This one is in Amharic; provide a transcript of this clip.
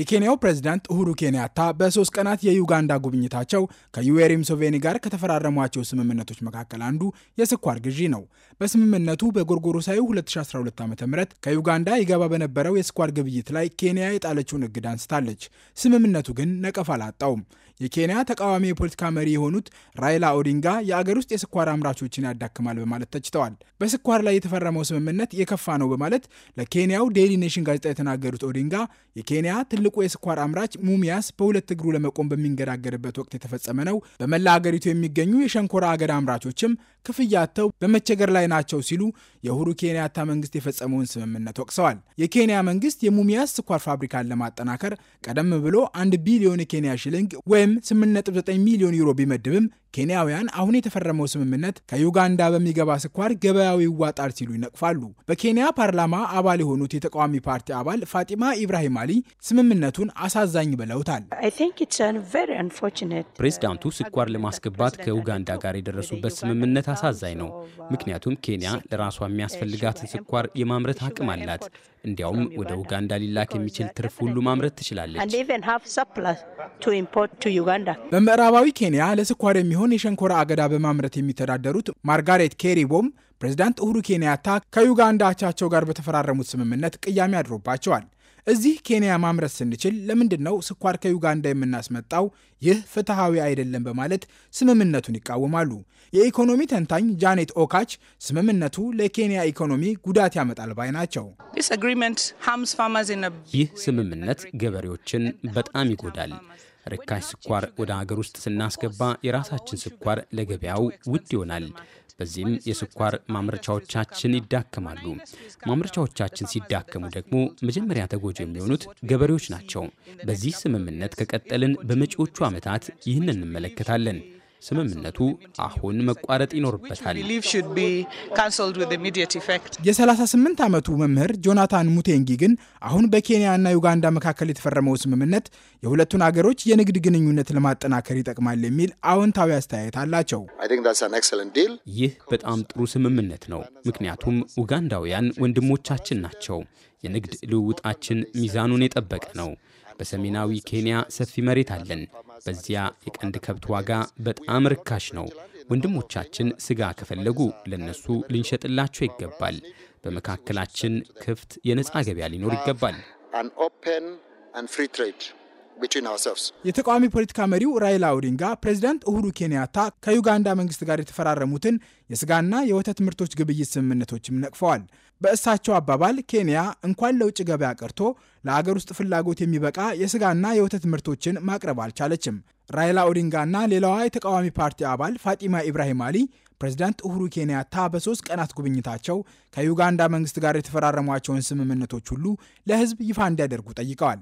የኬንያው ፕሬዝዳንት ኡሁሩ ኬንያታ በሶስት ቀናት የዩጋንዳ ጉብኝታቸው ከዩዌሪ ሙሴቬኒ ጋር ከተፈራረሟቸው ስምምነቶች መካከል አንዱ የስኳር ግዢ ነው። በስምምነቱ በጎርጎሮሳዊ 2012 ዓ ም ከዩጋንዳ ይገባ በነበረው የስኳር ግብይት ላይ ኬንያ የጣለችውን እግድ አንስታለች። ስምምነቱ ግን ነቀፍ አላጣውም። የኬንያ ተቃዋሚ የፖለቲካ መሪ የሆኑት ራይላ ኦዲንጋ የአገር ውስጥ የስኳር አምራቾችን ያዳክማል በማለት ተችተዋል። በስኳር ላይ የተፈረመው ስምምነት የከፋ ነው በማለት ለኬንያው ዴይሊ ኔሽን ጋዜጣ የተናገሩት ኦዲንጋ የኬንያ ትልቁ የስኳር አምራች ሙሚያስ በሁለት እግሩ ለመቆም በሚንገዳገድበት ወቅት የተፈጸመ ነው። በመላ አገሪቱ የሚገኙ የሸንኮራ አገዳ አምራቾችም ክፍያ አጥተው በመቸገር ላይ ናቸው ሲሉ የሁሩ ኬንያታ መንግስት የፈጸመውን ስምምነት ወቅሰዋል። የኬንያ መንግስት የሙሚያስ ስኳር ፋብሪካን ለማጠናከር ቀደም ብሎ አንድ ቢሊዮን የኬንያ ሽልንግ ወይም ስምንት ሚሊዮን ዩሮ ቢመድብም ኬንያውያን አሁን የተፈረመው ስምምነት ከዩጋንዳ በሚገባ ስኳር ገበያው ይዋጣል ሲሉ ይነቅፋሉ። በኬንያ ፓርላማ አባል የሆኑት የተቃዋሚ ፓርቲ አባል ፋጢማ ኢብራሂም አሊ ስምምነቱን አሳዛኝ ብለውታል። uh, ፕሬዚዳንቱ ስኳር ለማስገባት ከዩጋንዳ ጋር የደረሱበት ስምምነት አሳዛኝ ነው። ምክንያቱም ኬንያ ለራሷ uh, የሚያስፈልጋትን ስኳር የማምረት አቅም አላት። እንዲያውም ወደ ኡጋንዳ ሊላክ የሚችል ትርፍ ሁሉ ማምረት ትችላለች። በምዕራባዊ ኬንያ ለስኳር የሚሆን የሚሆን የሸንኮራ አገዳ በማምረት የሚተዳደሩት ማርጋሬት ኬሪቦም ፕሬዚዳንት ኡሁሩ ኬንያታ ከዩጋንዳ አቻቸው ጋር በተፈራረሙት ስምምነት ቅያሜ አድሮባቸዋል። እዚህ ኬንያ ማምረት ስንችል ለምንድን ነው ስኳር ከዩጋንዳ የምናስመጣው? ይህ ፍትሐዊ አይደለም በማለት ስምምነቱን ይቃወማሉ። የኢኮኖሚ ተንታኝ ጃኔት ኦካች ስምምነቱ ለኬንያ ኢኮኖሚ ጉዳት ያመጣል ባይ ናቸው። ይህ ስምምነት ገበሬዎችን በጣም ይጎዳል። ርካሽ ስኳር ወደ ሀገር ውስጥ ስናስገባ የራሳችን ስኳር ለገበያው ውድ ይሆናል። በዚህም የስኳር ማምረቻዎቻችን ይዳከማሉ። ማምረቻዎቻችን ሲዳከሙ ደግሞ መጀመሪያ ተጎጂ የሚሆኑት ገበሬዎች ናቸው። በዚህ ስምምነት ከቀጠልን በመጪዎቹ ዓመታት ይህን እንመለከታለን። ስምምነቱ አሁን መቋረጥ ይኖርበታል። የ38 ዓመቱ መምህር ጆናታን ሙቴንጊ ግን አሁን በኬንያና ዩጋንዳ መካከል የተፈረመው ስምምነት የሁለቱን አገሮች የንግድ ግንኙነት ለማጠናከር ይጠቅማል የሚል አዎንታዊ አስተያየት አላቸው። ይህ በጣም ጥሩ ስምምነት ነው፣ ምክንያቱም ኡጋንዳውያን ወንድሞቻችን ናቸው። የንግድ ልውውጣችን ሚዛኑን የጠበቀ ነው። በሰሜናዊ ኬንያ ሰፊ መሬት አለን። በዚያ የቀንድ ከብት ዋጋ በጣም ርካሽ ነው። ወንድሞቻችን ስጋ ከፈለጉ ለነሱ ልንሸጥላቸው ይገባል። በመካከላችን ክፍት የነፃ ገበያ ሊኖር ይገባል። የተቃዋሚ ፖለቲካ መሪው ራይላ ኦዲንጋ ፕሬዚዳንት ኡሁሩ ኬንያታ ከዩጋንዳ መንግስት ጋር የተፈራረሙትን የስጋና የወተት ምርቶች ግብይት ስምምነቶችም ነቅፈዋል። በእሳቸው አባባል ኬንያ እንኳን ለውጭ ገበያ ቀርቶ ለአገር ውስጥ ፍላጎት የሚበቃ የስጋና የወተት ምርቶችን ማቅረብ አልቻለችም። ራይላ ኦዲንጋና ሌላዋ የተቃዋሚ ፓርቲ አባል ፋጢማ ኢብራሂም አሊ ፕሬዚዳንት ኡሁሩ ኬንያታ በሶስት ቀናት ጉብኝታቸው ከዩጋንዳ መንግስት ጋር የተፈራረሟቸውን ስምምነቶች ሁሉ ለህዝብ ይፋ እንዲያደርጉ ጠይቀዋል።